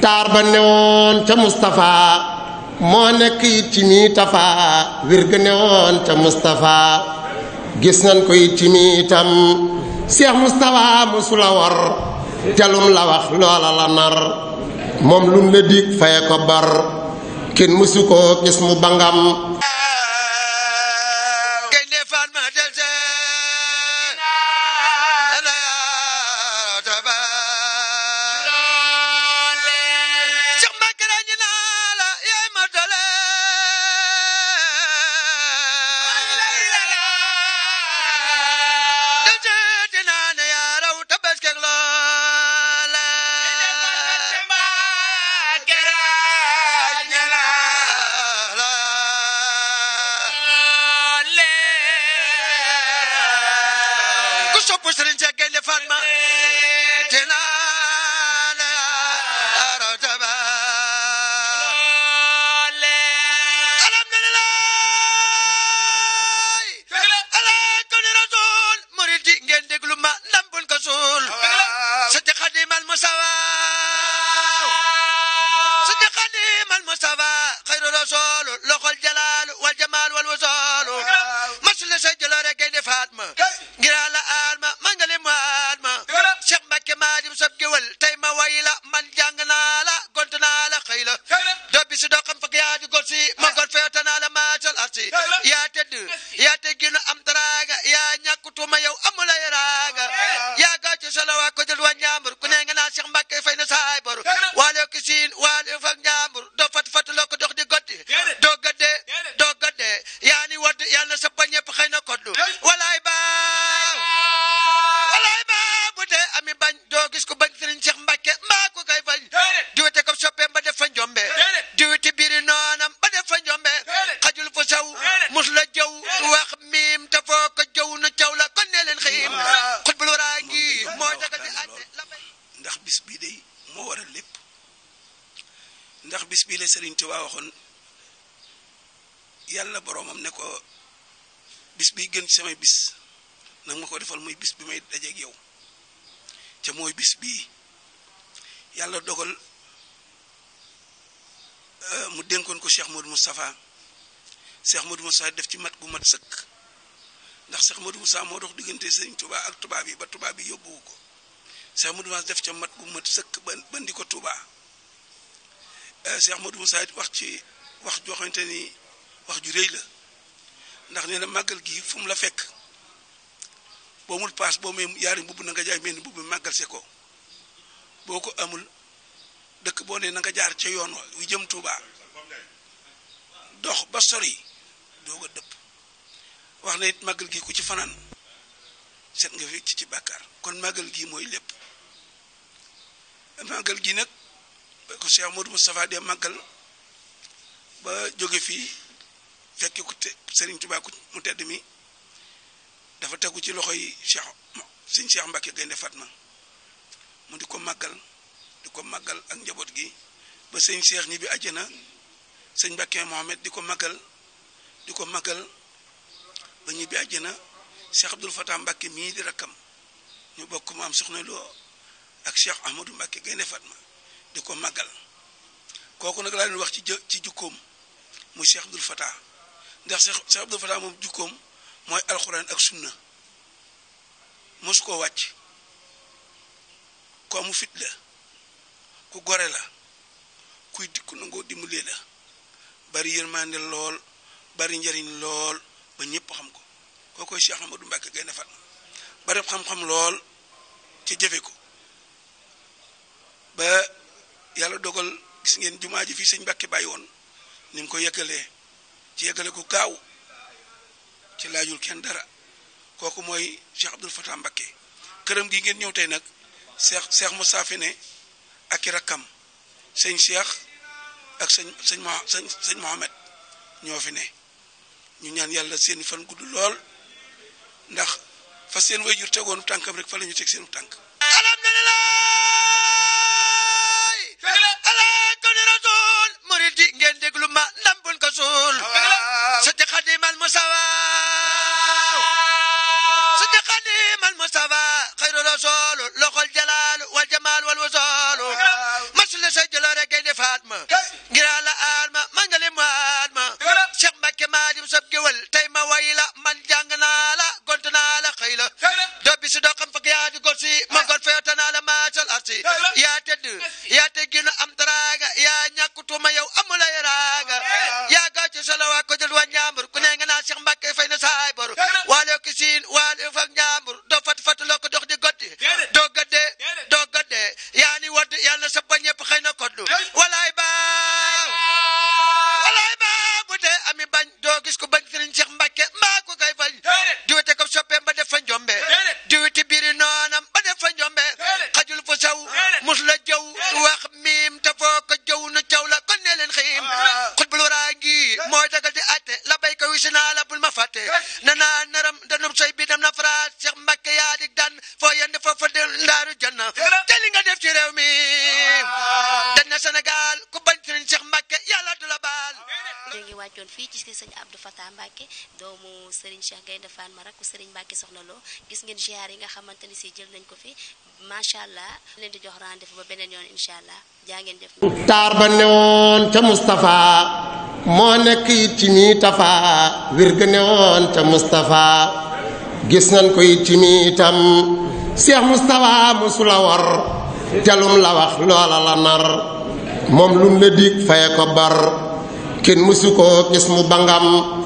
taar ba newoon ca Mustapha moo nekk it ci mii tafa wér ga ca Mustapha gis nañ ko it ci mii itam Seex Mustapha mosula war jalum la wax loola la nar moom lum la dig faye ko bar kenn mosu koo gis mu bangam maa di sab géwël tey ma way la man jàng naa la gont naa la xëy la dobi si doo xam fak yaa di got si ma got feeta naa la maasal arsi yaa tëdd yaa tegginu am daraaga yaa ñàkkutuma yow amula yaraaga yaa gàccu salawaak ndax bis bii la Sëriñ Tuubaa waxoon yàlla boroomam ne ko bis bi gën ci samay bis nag ma ko defal muy bis bi may dajeeg yow te mooy bis bii yàlla dogal euh, mu dénkoon ko Cheikh Modou Moustapha Cheikh Modou Moustapha def ci mat gu mat sëkk ndax Cheikh Modou Moustapha moo dox diggante Sëriñ tubaa ak tubaab yi ba tubaab yi yóbbuwu ko Cheikh Modou Moustapha def ca mat gu mat sëkk ba bandi ko Tuubaa Eh, Cheikh Modou Moussa it wax ci wax joo xamante ni wax ju réy la ndax nee na màggal gi fu la fekk boo mul paas boo may yaari mbubb na nga jaay mel ni mbubb màggal se ko boo ko amul dëkk boo ne na jaar ca yoon wa wi jëm Tuubaa dox ba sori doo dëpp wax na it màggal gi ko ci fanaan set nga fi ci ci bàkkaar kon màggal gi mooy lépp màggal gi nag ba ko Cheikh Modou Moustapha dee màggal ba jóge fii fekki ku te mi dafa tegu ci loxo yi Cheikh Serigne Cheikh Mbacke mu di ko màggal di ko màggal ak njaboot gi ba sëñ Cheikh ñi bi àjjana sëñ Mbacke di ko màggal di ko màggal ba ñi bi àjjana Cheikh Abdoul Fatah Mbacke mii di rakkam ñu bokk mu am soxna loo ak Cheikh Ahmadou Mbacke Gaynde Fatma di ko màggal kooku nag laa leen wax ci ci jukkoom mu Cheikh Abdoul Fatah ndax Cheikh Fatah moom jukkoom mooy alxuraan ak sunna mosu koo wàcc ku amu fit la ku gore la kuy dikku nangoo dimbalee la bari yërmande lool bari njariñ lool ba ñëpp xam ko kookoy Cheikh Amadou Mbacke Gaynde Fatma bari xam-xam lool ci jëfe ko ba yàlla dogal gis ngeen jumaa ji fii sëñ Mbàkke bàyyi woon ni ko yeggalee ci yeggale ko gaaw ci laajul kenn dara kooku mooy Cheikh Abdoul Fatah Mbàkke këram gi ngeen ñëw tey nag Cheikh Cheikh Moussa Fene ak i rakkam sëñ Cheikh ak sëñ sëñ sëñ Mohamed ñoo fi ne ñu ñaan yàlla seen fan gudd lool ndax fa seen way jur tegoonu tànkam rek fa lañu ñu teg seenu tànk alhamdulillah xëyla da bisu da xam fak yaa di gorsi ma gor a ala maasal arsi yaa tedd yaa tegginu am daraaga yaa ñàkkutuma yow amula yaraaga yaa gaaw ci solo waa ko jël waa ñaambur ku ne nga naa Cheikh Mbacke fay na saay bor waalo ki siin waalo fak ñaambur doo fat fat loo ko dox di goddi doo gadde doo gadde yaa ni wadd yàlla na sa bañ yëpp xëy na koddu walaay baaw walaay baaw bu dee ami bañ doo gis bañ nana naram danum soy na faraas Cheikh Mbacke yaalik dan foo yend foofa de ndaaru janna te li nga def ci réew mi dañ ah. na Sénégal fii ci sëñ Abdou Fatah Mbacke doomu Serigne Cheikh Gaynde Fatma rakku Serigne Mbacke soxna loo gis ngeen ziar yi nga xamante ni si jël nañ ko fi macha allah leen di jox rendez-vous ba beneen yoon incha allah jaa ngeen def. taar ba newoon ca Moustapha moo nekk it ci mi tafa wir ga nañ ko mosula war jalum la wax loola la nar moom lum la dig faye ko bar. kenn mësu koo gis mu bangam